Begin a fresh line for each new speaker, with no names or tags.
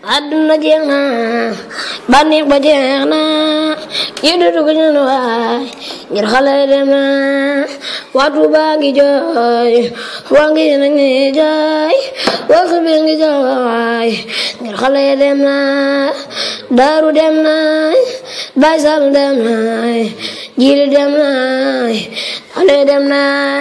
àdduna jeex na bànneex ba jeex na kii dudu ko ñun waay ngir xale dem na waatu baa jooy waa ngi na ngi jooy waa subi jooy ngir xale dem na daaru dem na baysal dem na jiili dem na xale dem na